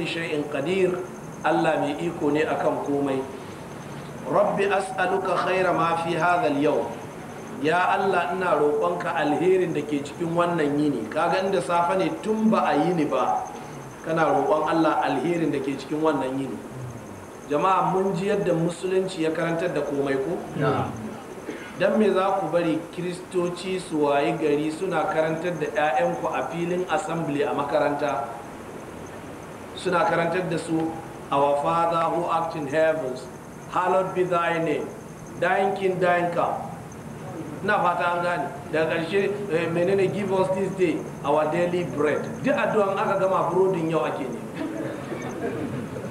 shay'in Kadir Allah mai iko ne akan komai rabbi as'aluka khaira ma fi hadha al ya Allah ina roƙonka alherin da ke cikin wannan yini kaga inda safa ne tun ba a yini ba kana roƙon Allah alherin da ke cikin wannan yini jama'a mun ji yadda musulunci ya karantar da komai ko dan me za ku bari kiristoci su wayi gari suna karantar da 'ya'yanku a filin assembly a makaranta suna karantar da su our father who act in heavens hallowed be thy name king kingdom come na fata an gane daga ƙarshe eh, menene give us this day our daily bread duk addu'an aka gama burodin yau ake ne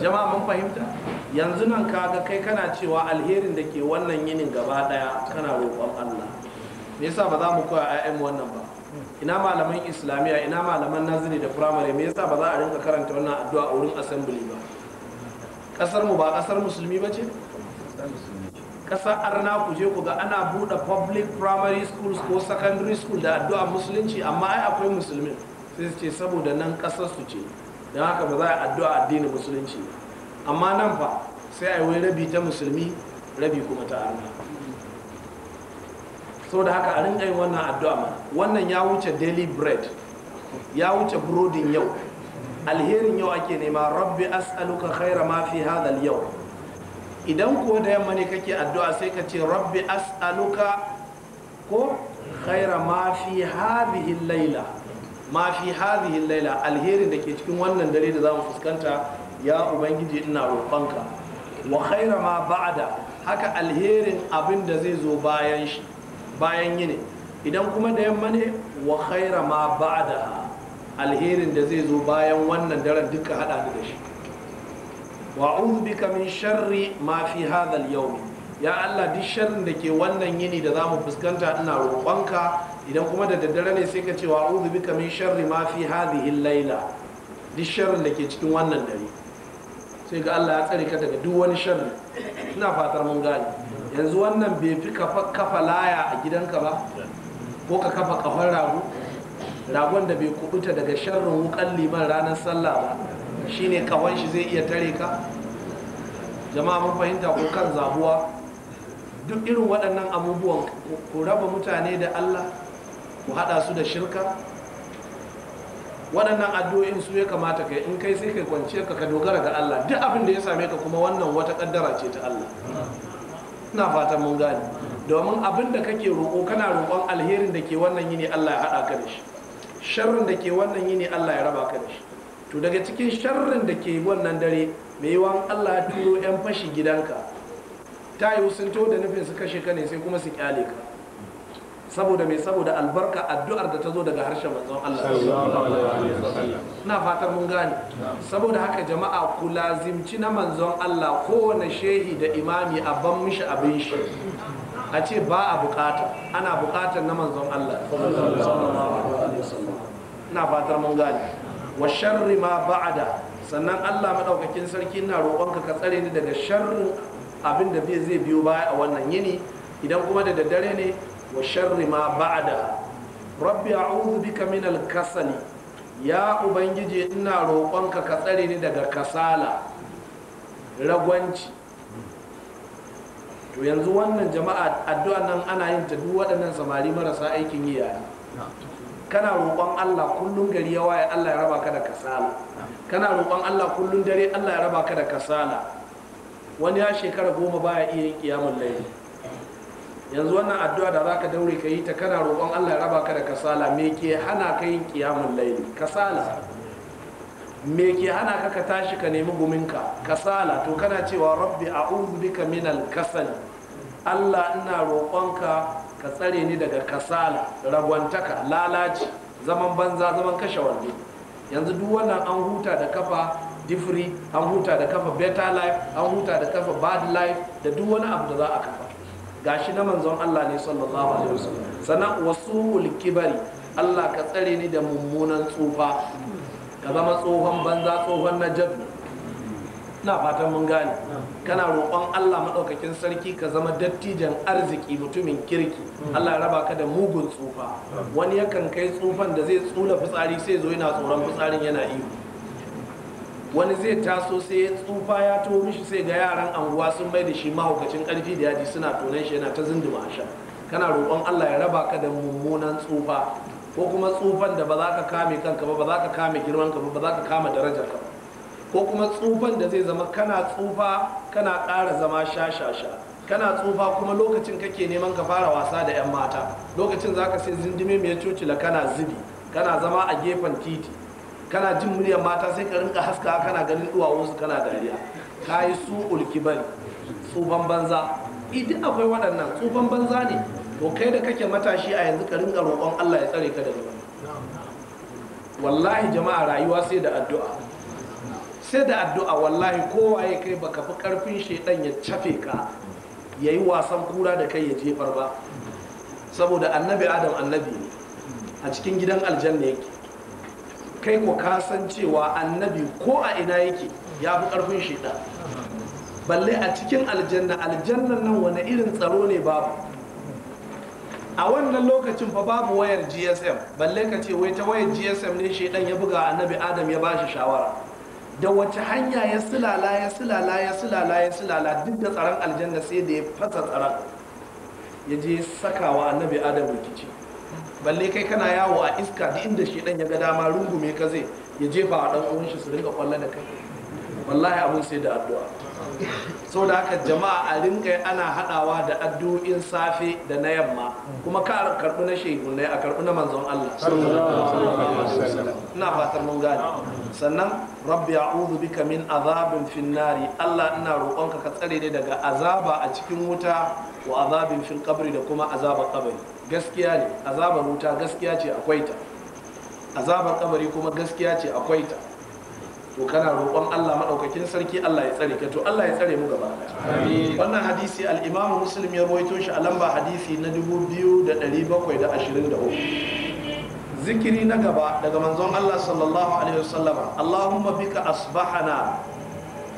jama'a mun fahimta yanzu nan kaga kai kana cewa alherin da ke wannan yinin gaba daya kana roƙon Allah me yasa ba za mu koya 'ya'yan wannan ba ina malaman islamiyya ina malaman naziri da firamare me yasa ba za a rinka karanta wannan addu'a a wurin assembly ba kasar mu ba kasar musulmi ba ce kasar arna ku je ku ga ana buɗe public primary schools ko secondary school da addu'a musulunci amma ai akwai musulmin sai su ce saboda nan kasar su ce don haka ba za a addu'a addini musulunci amma nan fa sai a yi rabi ta musulmi rabi kuma ta arna saboda haka a rinka yin wannan addu'a mana wannan ya wuce daily bread ya wuce burodin yau alherin yau ake nema rabbi as'aluka khaira ma fi hadal yau idan ko da yamma ne kake addu'a sai ka ce rabbi as'aluka ko khaira ma fi hadhihi laila ma fi hadhihi laila alherin da ke cikin wannan dare da zamu fuskanta ya ubangiji ina roƙonka wa khaira ma ba'da haka alherin abin da zai zo bayan shi bayan yini idan kuma da yamma ne wa khaira ma ba'da alherin da zai zo bayan wannan daren duka hada ni da shi wa bika min sharri ma fi hadha al ya Allah duk sharrin da ke wannan yini da zamu fuskanta ina roƙonka idan kuma da daddare ne sai ka ce wa a'udhu bika min sharri ma fi hadhihi al-laila duk sharrin da ke cikin wannan dare sai ga Allah ya tsare ka daga duk wani sharri ina fatar mun gane yanzu wannan bai fi kafa laya a gidanka ba ko ka kafa kafan rago ragon da bai kubuta daga sharrin wukan liman ranar sallah ba shine kafan shi zai iya tare ka jama'a mun fahimta ko kan zabuwa duk irin waɗannan abubuwan ku raba mutane da Allah ku haɗa su da shirka waɗannan addu'o'in su ya kamata kai in kai sai kai kwance ka ka dogara ga Allah duk abin da ya same ka kuma wannan wata kaddara ce ta Allah ina fatan mun gane domin abin da kake roƙo kana roƙon alherin da ke wannan yini Allah ya haɗa ka da shi sharrin da ke wannan yini Allah ya raba ka da shi to daga cikin sharrin da ke wannan dare mai yawan Allah ya turo 'yan fashi gidanka ta yiwu sun to da nufin su kashe ka ne sai kuma su kyale ka saboda mai saboda albarka addu'ar da ta zo daga harshen manzon Allah na fatar mun gane saboda haka jama'a ku lazimci na manzon Allah kowane shehi da imami a ban mishi abin shi a ce ba a bukata ana bukatar na manzon Allah na fatar mun gane wa sharri ma ba'ada sannan Allah madaukakin sarki na roƙonka ka tsare ni daga sharrin abin da zai biyo baya a wannan yini idan kuma da daddare ne wa sharri ma ba'da rabbi a'udhu bika min al-kasali ya ubangiji ina roƙonka ka tsare ni daga kasala ragwanci to yanzu wannan jama'a addu'a nan ana yin ta duk waɗannan samari marasa aikin yi yayi kana roƙon Allah kullum gari ya waye Allah ya raba ka da kasala kana roƙon Allah kullum dare Allah ya raba ka da kasala wani ya shekara goma baya iya yin kiyamul laifi yanzu wannan addu'a da zaka daure ka yi ta kana roƙon Allah ya raba ka da kasala me ke hana ka yin qiyamul layli kasala me ke hana ka ka tashi ka nemi guminka kasala to kana cewa rabbi a'udhu bika minal kasal Allah ina roƙonka ka tsare ni daga kasala ragwantaka lalaci zaman banza zaman kashe wando yanzu duk wannan an huta da kafa difri an huta da kafa better life an huta da kafa bad life da duk wani abu da za a kafa gashi na manzon Allah ne sallallahu alaihi wasallam sana wasu kibari Allah ka tsare ni da mummunan tsufa ka zama tsohon banza tsohon najab na fatan mun gane kana roƙon Allah maɗaukakin sarki ka zama dattijan arziki mutumin kirki Allah raba ka da mugun tsufa wani yakan kai tsufan da zai tsula fitsari sai zo yana tsoron fitsarin yana iyo wani zai taso sai ya tsufa ya to mishi sai ga yaran anguwa sun bai da shi mahaukacin karfi da yaji suna tonan shi yana ta zinduma a kana roƙon Allah ya raba ka da mummunan tsufa ko kuma tsufan da ba za ka kame kanka ba ba za ka kame girman ka ba ba za ka kama darajar ka ko kuma tsufan da zai zama kana tsufa kana ƙara zama sha kana tsufa kuma lokacin kake neman ka fara wasa da 'yan mata lokacin za ka sai zindime mai cocila kana zubi kana zama a gefen titi kana jin muryar mata sai ka rinka haska kana ganin duwawun su kana dariya ka yi su ulkibari tsufan banza idan akwai waɗannan tsufan banza ne to kai da kake matashi a yanzu ka rinka roƙon Allah ya tsare ka da daga wallahi jama'a rayuwa sai da addu'a sai da addu'a wallahi kowa ya kai baka fi karfin shaidan ya cafe ka ya yi wasan kura da kai ya jefar ba saboda annabi adam annabi ne a cikin gidan aljanna yake kai ko ka san cewa annabi ko a ina yake ya fi ƙarfin shida balle a cikin aljanna aljannan nan wani irin tsaro ne babu a wannan lokacin fa babu wayar gsm balle ka ce wai ta wayar gsm ne shaidan ya buga annabi adam ya bashi shawara da wace hanya ya silala ya silala ya silala ya silala duk da tsaron aljanna sai da ya fasa tsaron ya je sakawa annabi adam rikici balle kai kana yawo a iska duk inda shedan ya ga dama rungume ka zai ya jefa a dan uwan shi su rinka kwalla da kai wallahi abun sai da addu'a da haka jama'a a rinka ana hadawa da addu'o'in safe da na yamma kuma ka karbi na shehunai a karbi na manzon Allah ina fatar mun gane sannan rabbi a'udhu bika min azabin finnari Allah ina roƙonka ka tsare daga azaba a cikin wuta wa azabin fil qabri da kuma azaba qabri gaskiya ne azabar wuta gaskiya ce akwai ta azabar kabari kuma gaskiya ce akwai ta to kana roƙon Allah maɗaukakin sarki Allah ya tsare ka to Allah ya tsare mu gaba wannan hadisi al-Imam Muslim ya rawaito shi a lamba hadisi na 2723 zikiri na gaba daga manzon Allah sallallahu alaihi wasallam Allahumma bika asbahana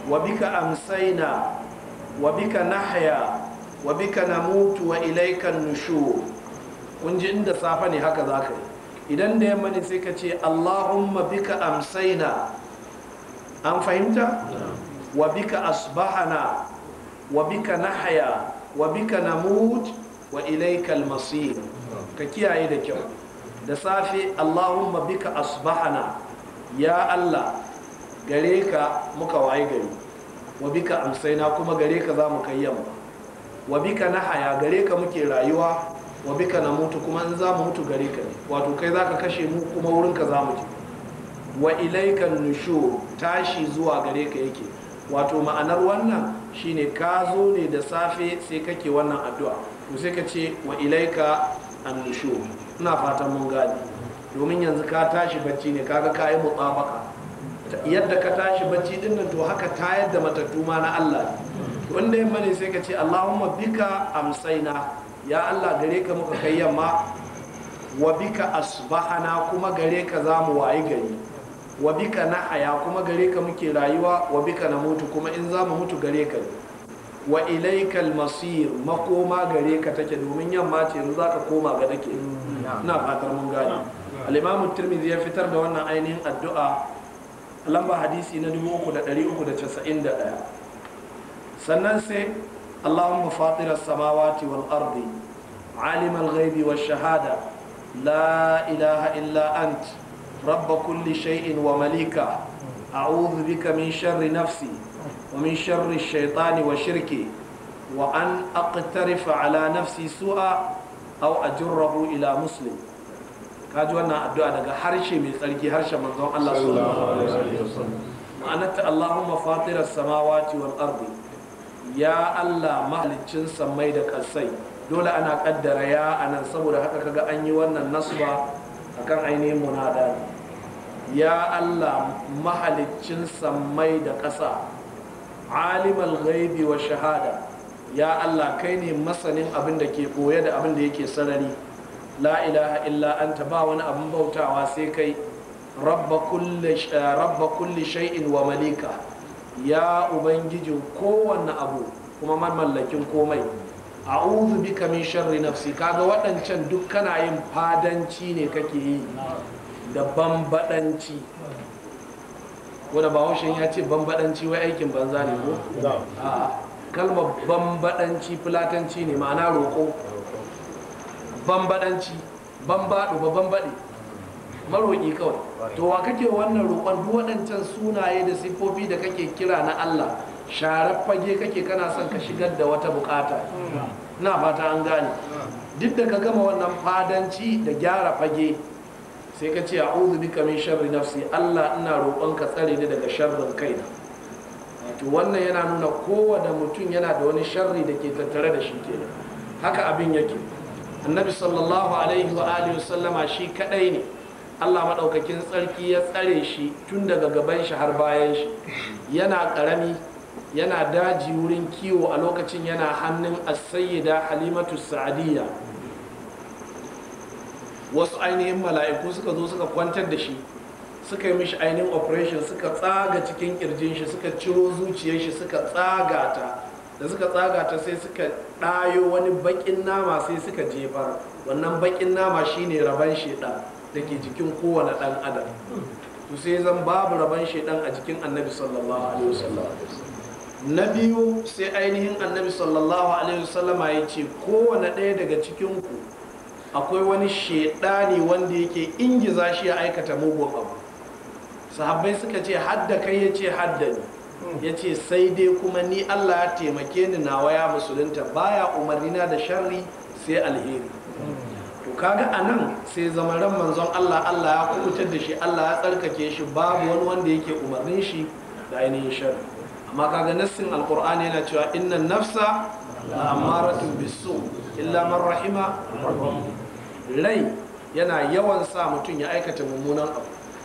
wa bika amsayna wa bika nahya wa bika namutu wa ilayka nushur kun ji inda safa ne haka za ka yi idan da yamma ne sai ka ce allahumma bika amsaina an fahimta wa bika asbahana wa bika nahaya wa bika namut wa ilaikal masir ka kiyaye da kyau da safe allahumma bika asbahana ya allah gare ka muka waye gari wa bika amsaina kuma gare ka za mu kai yamma wa bika nahaya gare ka muke rayuwa wa bika na mutu kuma in za mu mutu gare ka ne wato kai za ka kashe mu kuma wurin ka za mu je wa ilaika nushu tashi zuwa gare ka yake wato ma'anar wannan shine ka zo ne da safe sai kake wannan addu'a to sai ka ce wa ilaika nushu ina fatan mun gane domin yanzu ka tashi bacci ne kaga ka yi mutsabaka yadda ka tashi bacci din nan to haka ta yadda matattu ma na Allah wanda yamma ne sai ka ce Allahumma bika amsaina ya Allah gare ka muka kai yamma wa bika asbahana kuma gare ka za mu wayi gari wa bika nahaya kuma gare ka muke rayuwa wa bika na mutu kuma in za mu mutu gare ka wa ilaikal masir makoma gare ka take domin yamma ce za zaka koma ga nake ina fatar mun gane al-imam tirmidhi ya fitar da wannan ainihin addu'a lamba hadisi na 3391 sannan sai اللهم فاطر السماوات والأرض عالم الغيب والشهادة لا إله إلا أنت رب كل شيء ومليكه أعوذ بك من شر نفسي ومن شر الشيطان وشركي وأن أقترف على نفسي سوءا أو أجره إلى مسلم kaji wannan addu'a daga harshe mai tsarki harshen manzon Allah sallallahu alaihi wasallam ma'anarta Allahumma fatiras samawati wal ardi ya Allah mahalicin samai da kasai dole ana kaddara ya nan saboda haka kaga an yi wannan nasuwa a kan ainihin munada ya Allah mahalicin samai da ƙasa alimal ghaibi wa shahada ya Allah kai ne masanin abin da ke koya da abin da yake sarari la ilaha illa anta ba wani abin bautawa sai kai rabba kulli eh, shay'in wa malika ya ubangijin kowane abu kuma man mallakin komai a'udhu bika min sharri nafsi kaga waɗancan duk kana yin fadanci ne kake yi da bambadanci wanda bahaushen ya ce bambadanci wai aikin banza ne ko kalmar bambadanci fulatanci ne ma'ana roƙo bambadanci bambadu ba bambade maroƙi kawai to wa kake wannan roƙon duk waɗancan sunaye da siffofi da kake kira na Allah sharar fage kake kana son ka shigar da wata bukata hmm. na fata an gane hmm. duk da ka gama wannan fadanci da gyara fage sai ka ce a'udhu bika min sharri nafsi Allah ina roƙon ka tsare ni daga sharrin kaina to wannan yana nuna kowane mutum yana da wani sharri da ke tattare da shi kenan haka abin yake annabi sallallahu alaihi wa alihi wasallama shi kadai ne Allah maɗaukakin tsarki ya tsare shi tun daga gaban shi har bayan shi yana ƙarami yana daji wurin kiwo a lokacin yana hannun asayyida halimatu sa'adiyya wasu ainihin mala'iku suka zo suka kwantar da shi suka yi mishi ainihin operation suka tsaga cikin kirjin shi suka ciro zuciyar shi suka tsaga ta da suka tsaga ta sai suka ɗayo wani baƙin nama sai suka jefa, wannan baƙin nama shine rabon shi ɗan da ke jikin kowane ɗan adam to sai zan babu rabon shaidan a jikin annabi sallallahu alaihi wasallam na biyu sai ainihin annabi sallallahu alaihi wasallam ya ce kowane ɗaya daga cikin ku akwai wani shaidani wanda yake ingiza shi ya aikata mugun abu sahabbai suka ce hadda kai ya ce hadda ni ya ce sai dai kuma ni allah ya taimake ni nawa ya musulunta baya umarnina da sharri sai alheri kaga a nan sai zama ran manzon Allah Allah ya kubutar da shi Allah ya tsarkake shi babu wani wanda yake umarnin shi da ainihin shari amma kaga nassin alqur'ani yana cewa inna nafsa la amaratun bisu illa man rahima rai yana yawan sa mutum ya aikata mummunan abu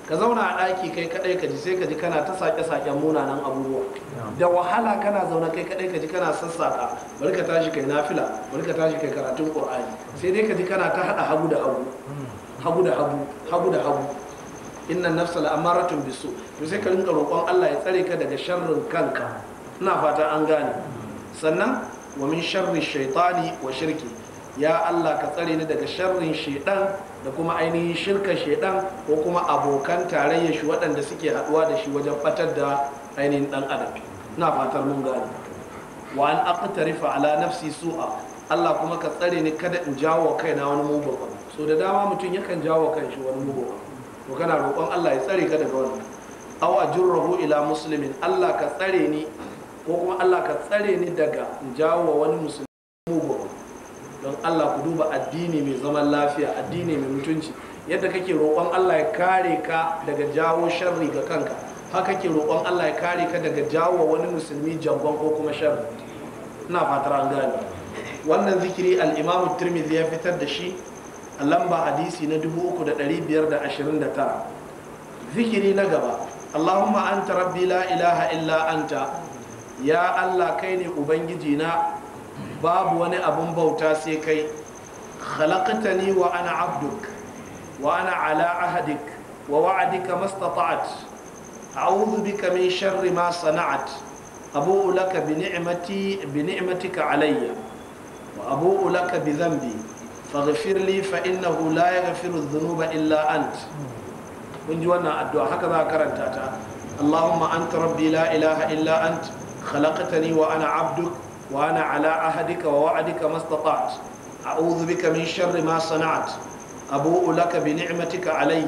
ka zauna a ɗaki kai kaɗai ka ji sai ka ji kana ta sake-saken munanan abubuwa da wahala kana zauna kai kaɗai ka ji kana sassaƙa bari ka tashi kai nafila bari ka tashi kai karatun ƙur'ani sai dai ka ji kana ta haɗa hagu da hagu hmm. hagu da hagu hagu da hagu innan nafsal la'amaratun bisu to sai ka rinka roƙon Allah ya tsare ka daga sharrin kanka ina fata an gane hmm. sannan wa min sharri shaitani wa shirki ya Allah ka tsare ni daga sharrin shaitan da kuma ainihin shirka shaidan ko kuma abokan tarayyar shi waɗanda suke haɗuwa da shi wajen ɓatar da ainihin ɗan adam na fatar mun gani wa an aqtarifa ala nafsi su'a Allah kuma ka tsare ni kada in jawo kaina wani mugun abu so da dama mutum yakan jawo kanshi wani mugun abu to kana roƙon Allah ya tsare ka daga wannan aw ajurruhu ila muslimin Allah ka tsare ni ko kuma Allah ka tsare ni daga in jawo wani musulmi mugun abu don Allah ku duba addini mai zaman lafiya addini mai mutunci yadda kake roƙon Allah ya kare ka daga jawo sharri ga kanka haka ke roƙon Allah ya kare ka daga jawo wani musulmi jangon ko kuma sharri ina fatar an gane wannan zikiri al-Imam Tirmidhi ya fitar da shi a lamba hadisi na 3529 zikiri na gaba Allahumma anta rabbi la ilaha illa anta ya Allah kai ne ubangiji na babu wani abun bauta sai kai khalaqtani wa ana abduk wa ana ala ahadik wa wa'adika mastata'at a'udhu bika min sharri ma sana'at abu'u laka bi ni'mati bi ni'matika alayya wa abu'u laka bi dhanbi faghfir li fa innahu la yaghfiru dhunuba illa ant kun ji wannan addu'a haka za karanta ta Allahumma اللهم أنت ربي لا إله إلا أنت wa ana عبدك وأنا على عهدك ووعدك ما استطعت أعوذ بك من شر ما صنعت أبوء لك بنعمتك علي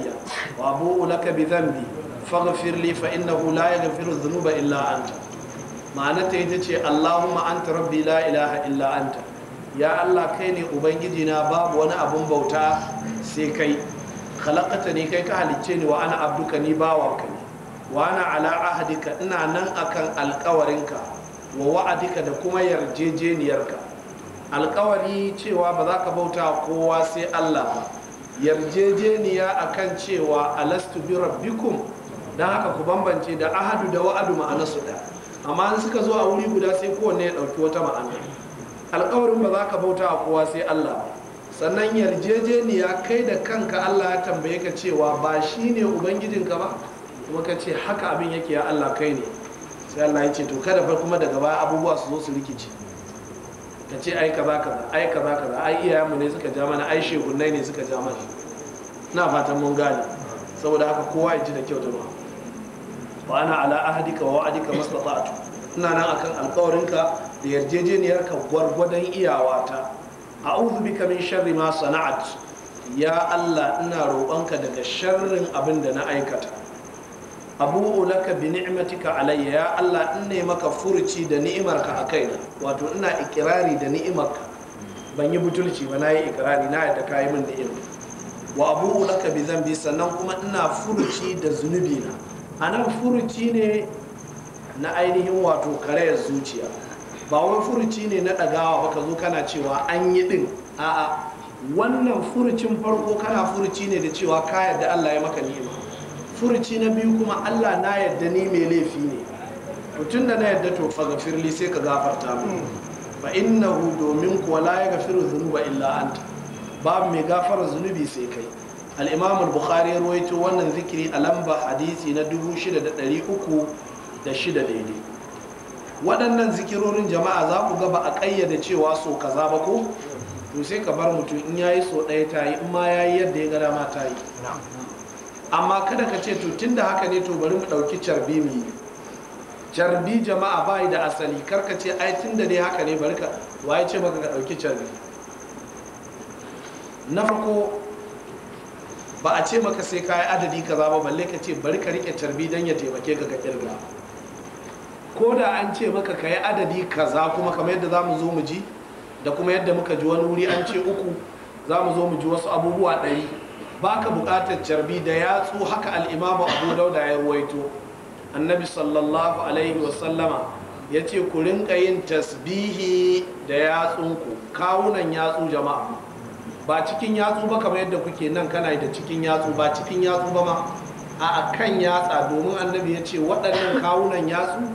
وأبوء لك بذنبي فاغفر لي فإنه لا يغفر الذنوب إلا أنت ma'anarta ita ce allahumma anta rabbi la ilaha illa anta ya allah kai ne ubangiji na babu wani abun bauta sai kai khalaqata ni kai ka halicce ni wa ana abduka ni ina nan akan alkawarinka wa wa'adika da kuma yarjejeniyarka alkawari cewa ba za ka bauta kowa sai Allah ba yarjejeniya a kan cewa alastu bi rabbikum Na haka ku bambance da ahadu da wa'adu ma'ana su da amma an suka zo a wuri guda sai kowanne ya ɗauki wata ma'ana alkawarin ba za ka bauta a kowa sai Allah ba sannan yarjejeniya kai da kanka Allah ya tambaye ka cewa ba shi shine ubangijinka ba kuma ka ce haka abin yake ya Allah kai ne sai Allah ya ce to kada fa kuma daga ba abubuwa su zo su rikice ka ce ai baka ba ai baka ba ai iyayenmu ne suka ja mana ai shegunnai ne suka ja mana na fatan mun gane saboda haka kowa ya ji da kyau jama'a wa ana ala ahdika wa wa'dika mastata'tu ina nan akan ka da yarjejeniyar yarjejeniyarka gwargwadon iyawata a'udhu bika min sharri ma sana'at ya Allah ina roƙonka daga sharrin abin da na aikata abu'u laka bi ni'matika alayya ya Allah in ne maka furuci da ni'imarka a kaina wato ina ikirari da ni'imarka ban yi butulci ba na yi ikirari na yadda kayi min ni'ima wa abu'u laka bi zambi sannan kuma ina furuci da zunubi na anan furuci ne na ainihin wato karayar zuciya ba wai furuci ne na dagawa ba ka zo kana cewa an yi din a'a wannan furucin farko kana furuci ne da cewa ka da Allah ya maka ni'ima furuci na biyu kuma Allah na yadda ni mai laifi ne mutum da na yadda to fa gafirli sai ka gafarta mu fa innahu domin kuwa la yaghfiru zunuba illa anta babu mai gafara zunubi sai kai al-imam al-bukhari rawaito wannan zikiri a lamba hadisi na 6306 daidai waɗannan zikirorin jama'a za ku gaba a ƙayyade cewa so kaza ba ko to sai ka bar mutum in yayi so ɗaya ta yi in ma yayi yadda ya ga dama ta yi amma kada ka ce to da haka ne to bari mu ɗauki carbi mu yi carbi jama'a bai da asali karka ce ai da dai haka ne bari ka waye ce maka ka ɗauki carbi na farko ba a ce maka sai ka yi adadi kaza ba balle ka ce bari ka riƙe carbi don ya taimake ka ka kirga ko da an ce maka ka yi adadi kaza kuma kamar yadda za mu zo mu ji da kuma yadda muka ji wani wuri an ce uku za mu zo mu ji wasu abubuwa ɗari baka ka buƙatar carbi da yatsu haka Al'imama abu dauda ya waito annabi sallallahu alaihi wasallama ya ce ku rinka yin tasbihi da yatsunku kawunan yatsu jama'a ba cikin yatsu ba kamar yadda kuke nan kana da cikin yatsu ba cikin yatsu ba ma a kan yatsa domin annabi ya ce waɗannan kawunan yatsu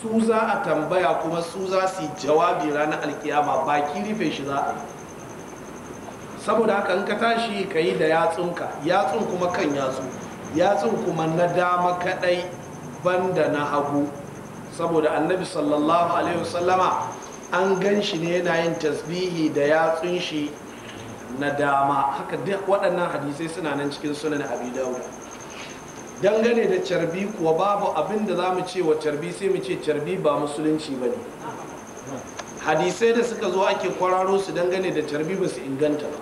su za a tambaya kuma su za su yi jawabi ranar alkiyama baki rufe shi za a yi saboda haka in ka tashi ka yi da yatsunka yatsun kuma kan yatsu yatsun kuma na dama kadai banda na hagu saboda annabi sallallahu alaihi wasallama an gan shi ne yana yin tasbihi da yatsun shi na dama haka duk waɗannan hadisai suna nan cikin sunan abi dawud dangane da carbi kuwa babu abin da za mu ce wa carbi sai mu ce carbi ba musulunci ba ne hadisai da suka zo ake kwararo su dangane da carbi ba su inganta ba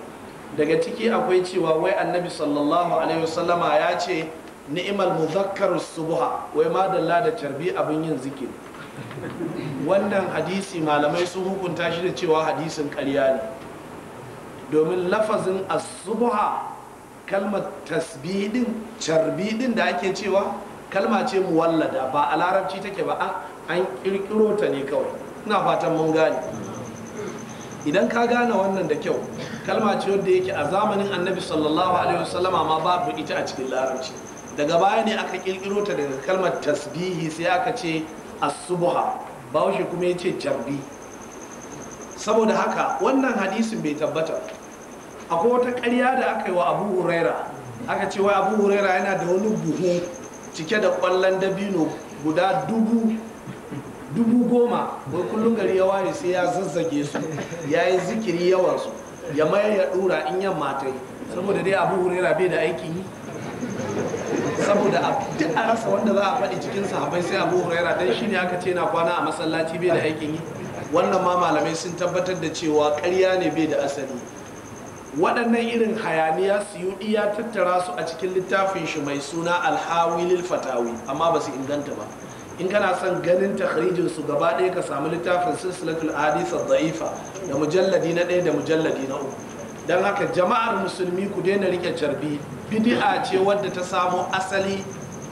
daga ciki akwai cewa wai annabi sallallahu alaihi wasallama ya ce ni'imal muzakkar subha wai madalla da carbi abin yin zikiri wannan hadisi malamai sun hukunta shi da cewa hadisin karya ne domin lafazin subha kalmar tasbidin carbidin da ake cewa kalma ce muwallada ba a larabci take ba an kirkiro ta ne kawai na fatan mun gane idan ka gane wannan da kyau kalma ce wadda yake a zamanin annabi sallallahu alaihi wasallama ma babu ita a cikin larabci daga baya ne aka kirkiro ta daga kalmar tasbihi sai aka ce asubuha bahaushe kuma ya ce jarbi saboda haka wannan hadisin bai tabbata akwai wata karya da aka yi wa abu huraira aka ce wai abu huraira yana da wani buhu cike da ƙwallon dabino guda dubu dubu goma wai kullum gari ya ware sai ya zazzage su ya yi zikiri yawansu ya mayar ya dura in yamma ta saboda dai abu hurera bai da aikin yi saboda duk a rasa wanda za a faɗi cikin sahabai sai abu hurera dan shi ne aka ce na kwana a masallaci bai da aikin yi wannan ma malamai sun tabbatar da cewa ƙarya ne bai da asali waɗannan irin hayaniya suyuɗi ya tattara su a cikin littafin shi mai suna alhawilil fatawi amma ba su inganta ba in kana son ganin takhrijin su gaba ɗaya ka samu littafin silsilatul hadith da'ifa da mujalladi na ɗaya da mujalladi na uku dan haka jama'ar musulmi ku daina rike carbi bid'a ce wadda ta samo asali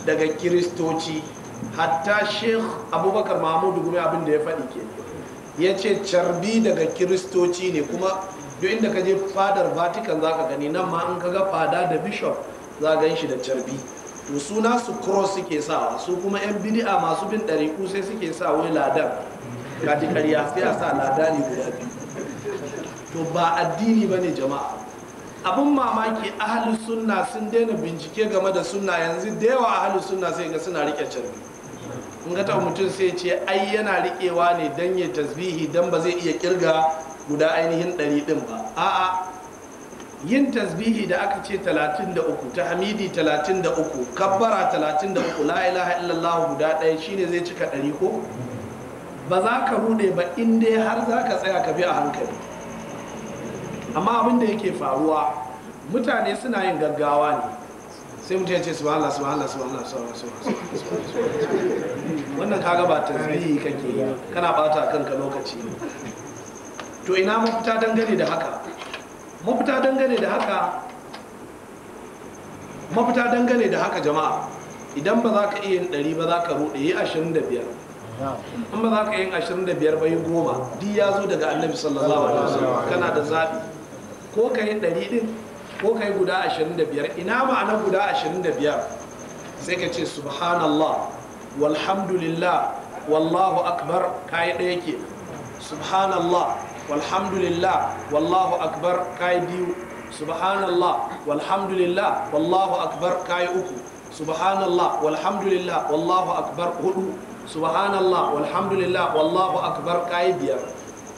daga kiristoci hatta sheikh abubakar mahmudu gumi abin da ya faɗi ke ya ce carbi daga kiristoci ne kuma duk inda ka je fadar vatican za ka gani nan ma an ka ga fada da bishop za gan shi da carbi to suna su cross suke sawa su kuma yan bidi'a masu bin dari sai suke sa wai ladan kaji karya sai a sa ne guda biyu to ba addini ba ne jama'a abin mamaki ahalus sunna sun daina bincike game da sunna yanzu da yawa ahalus sunna sai ga suna rike canbi in ga taɓa mutum sai ce ai yana rikewa ne dan ya tasbihi dan ba zai iya kirga guda ainihin ɗari ɗin ba a'a yin tasbihi da aka ce 33 hamidi 33 kabbara 33 la ilaha illallah guda ɗaya shine zai cika ɗari ko ba za ka rude ba in dai har za ka tsaya ka bi a hankali amma abin da yake faruwa mutane suna yin gaggawa ne sai mutum ya ce subhanallah subhanallah subhanallah subhanallah wannan kaga ba tasbihi kake kana bata kanka lokaci to ina mafita dangane da haka mafita dangane da haka mafita dangane da haka jama'a idan ba za ka iya yin ɗari ba za ka ruɗe yi ashirin da biyar in ba za ka yin ashirin da biyar ba yi goma duk ya zo daga annabi sallallahu alaihi wasallam kana da zaɓi ko ka yi ɗari ɗin ko ka yi guda ashirin da biyar ina ma'ana guda ashirin da biyar sai ka ce subhanallah walhamdulillah wallahu akbar ka yi ɗaya ke subhanallah walhamdulillah wallahu akbar kayi biyu subhanallah walhamdulillah wallahu akbar kayi uku subhanallah walhamdulillah wallahu akbar hudu subhanallah walhamdulillah wallahu akbar kayi biyar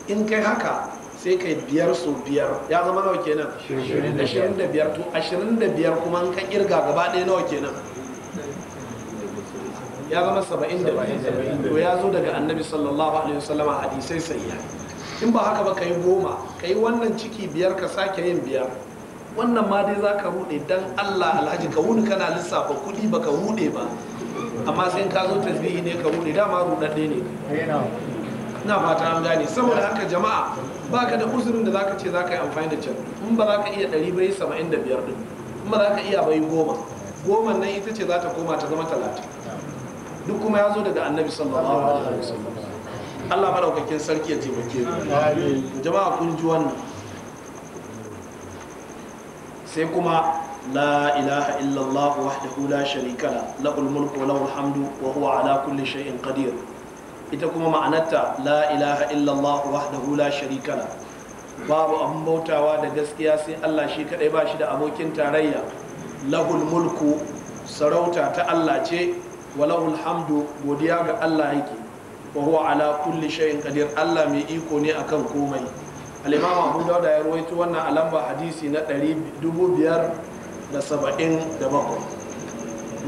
in kai haka sai kai biyar so biyar ya zama nawa kenan ashirin da biyar to ashirin da biyar kuma ka kirga gaba ɗaya nawa kenan ya zama saba'in da biyar to ya zo daga annabi sallallahu alaihi wasallama hadisai sahiha in ba haka ba ka yi goma ka yi wannan ciki biyar ka sake yin biyar wannan ma dai za ka rude dan allah alhaji ka wuni kana lissafa kudi ba ka rude ba amma sai ka zo tasbihi ne ka rude dama rudadde ne na fata an gane saboda haka jama'a ba ka da uzurin da za ka ce za ka yi amfani da can in ba za ka iya ɗari bai saba'in da biyar ɗin in ba za ka iya bai goma goma nan ita ce za ta koma ta zama talatin duk kuma ya zo daga annabi sallallahu alaihi wasallam Allah madaukakin sarki ya taimake mu jama'a kun ji wannan sai kuma la ilaha illallah wa wahdahu la sharika la lahul mulku wa lahul hamdu wa huwa ala kulli shay'in qadir ita kuma ma'anarta la ilaha illallah wahdahu la sharika la babu abin bautawa da gaskiya sai Allah shi kadai ba shi da abokin tarayya lahul mulku sarauta ta Allah ce wa lahul hamdu godiya ga Allah yake wa huwa ala kulli shay'in qadir Allah mai iko ne a kan komai al-imam Abu Dawud ya rawaito wannan a hadisi na 2577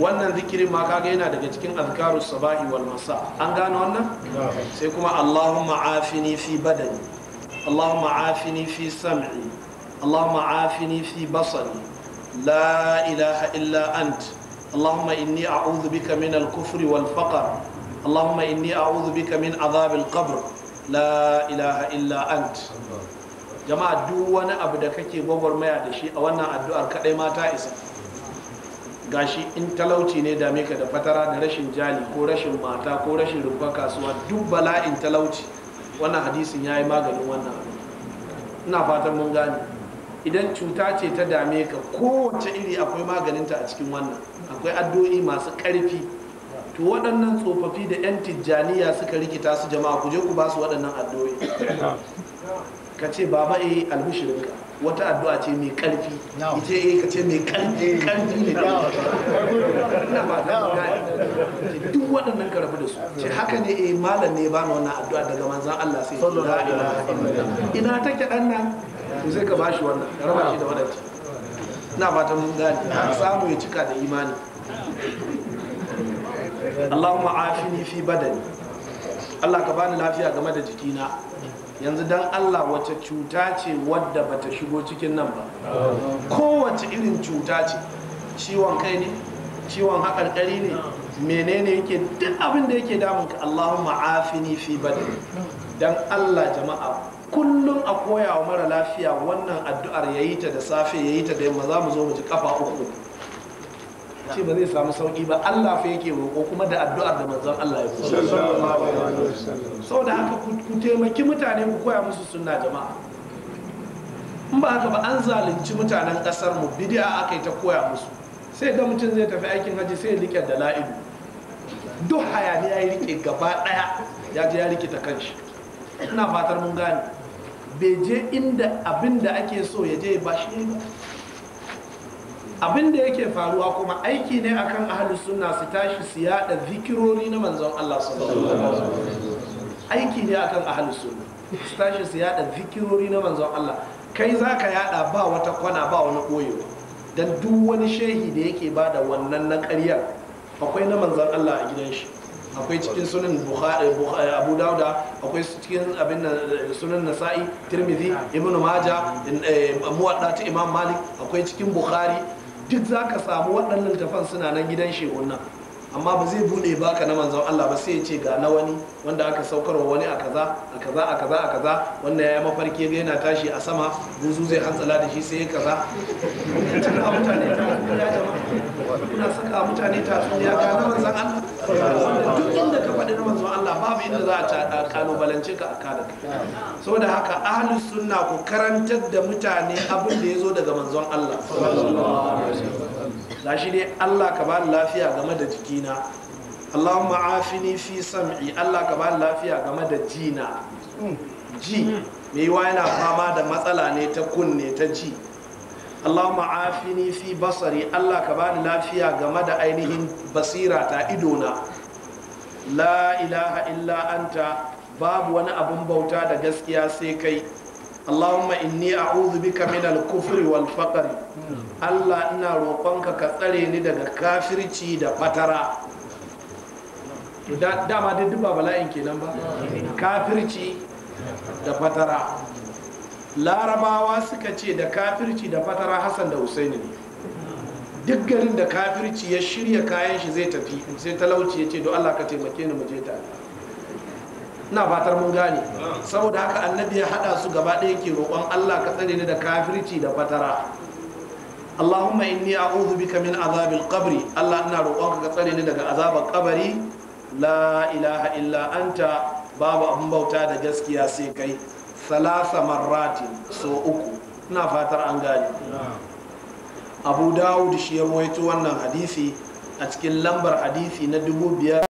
wannan zikirin ma kaga yana daga cikin azkarus sabahi wal masa an gane wannan sai kuma Allahumma afini fi badani Allahumma afini fi sam'i Allahumma afini fi basari la ilaha illa ant اللهم inni أعوذ بك من الكفر والفقر اللهم إني أعوذ بك من عذاب القبر لا إله إلا أنت jama'a duk wani abu da kake gwagwarmaya da shi a wannan addu'ar kaɗai ma isa gashi in talauci ne dame ka da fatara da rashin jali ko rashin mata ko rashin rumfa kasuwa duk bala in talauci wannan hadisin ya yi maganin wannan abu ina fatan mun gane idan cuta ce ta dame ka kowace iri akwai maganinta a cikin wannan akwai addu'o'i masu ƙarfi to waɗannan tsofaffi da 'yan tijjaniya suka rikita su jama'a ku je ku ba su waɗannan addu'o'i ka ce baba eh alhushirinka wata addu'a ce mai ƙarfi ita eh ka ce mai ƙarfi eh, ne ba duk waɗannan ka rabu da su ce haka ne eh malam ne ba wannan addu'a daga manzan Allah sai ina take dan nan to sai ka bashi wannan ka raba shi da wadanci ina fatan mun gane samu ya cika da imani Allahumma afini fi badani Allah ka bani lafiya game da jikina yanzu dan Allah wace cuta ce wadda bata shigo cikin nan ba kowace irin cuta ce ciwon kai ne ciwon haƙarƙari ne menene yake duk abin da yake damun ka Allahumma afini fi badani dan Allah jama'a kullum a koyawa mara lafiya wannan addu'ar yayi ta da safe yayi ta da yamma za mu zo mu ji kafa uku ce ba zai samu sauki ba Allah fa yake roƙo kuma da addu'ar da manzon Allah ya fi saboda haka ku taimaki mutane ku koya musu sunna jama'a in ba haka ba an zalunci mutanen ƙasar mu bidiya aka yi ta koya musu sai da mutum zai tafi aikin haji sai ya rike da la'ilu duk hayaniya ya rike gaba ɗaya ya je ya rike ta kanshi ina fatar mun gane bai je inda abin da ake so ya je ba shi ba abin da yake faruwa kuma aiki ne akan ahalus sunna su tashi su yada zikirori na manzon Allah sallallahu alaihi aiki ne akan ahalus sunna su tashi su yada zikirori na manzon Allah kai za ka yada ba wata kwana ba wani koyo dan duk wani shehi da yake bada wannan na ƙarya akwai na manzon Allah a gidan shi akwai cikin sunan abu dauda akwai cikin abin eh, sunan nasa'i tirmidhi ibnu majah eh, muwadda ta imam malik akwai cikin bukhari duk za ka samu waɗannan tafan suna nan gidan shehun nan amma ba zai bude baka na manzon Allah ba sai ya ce ga na wani wanda aka saukarwa wani a kaza a kaza a kaza a kaza Wannan ya mafarki ga yana tashi a sama buzu zai hanzala da shi sai ya kaza tana mutane ta kuna saka mutane ta sun ga na manzon Allah duk inda ka faɗi na manzon Allah babu inda za a kalubalance ka a kada ka saboda haka ahlus sunna ku karantar da mutane abin da ya zo daga manzon Allah sallallahu alaihi wasallam gashi dai Allah ka bani lafiya game da jikina Allahumma afini fi sam'i Allah ka bani lafiya game da jina hmm. ji mai yiwa yana fama da matsala ne ta kunne ta ji Allahumma afini fi basari Allah ka bani lafiya game da ainihin basira ta idona la ilaha illa babu wani abin bauta da gaskiya sai kai اللهم إني أعوذ بك من الكفر والفقر الله إنا tsare ni ندك كافر da fatara. dama da duba bala'in kenan ba kafirci da fatara larabawa suka ce da kafirci da fatara hassan da husaini ne duk garin da kafirci ya shirya kayan shi zai tafi sai talauci ya ce don allah ka taimake ni mu je tare na fatar mun gane saboda haka annabi ya hada su gaba ɗaya ke roƙon Allah ka tsare ni da kafirci da fatara Allahumma inni a'udhu bika min azabil qabri Allah ina roƙonka ka tsare ni daga azabar kabari la ilaha illa anta babu abun bauta da gaskiya sai kai salasa marratin so uku ina fatar an gane Abu Dawud shi ya rawaito wannan hadisi a cikin lambar hadisi na dubu biyar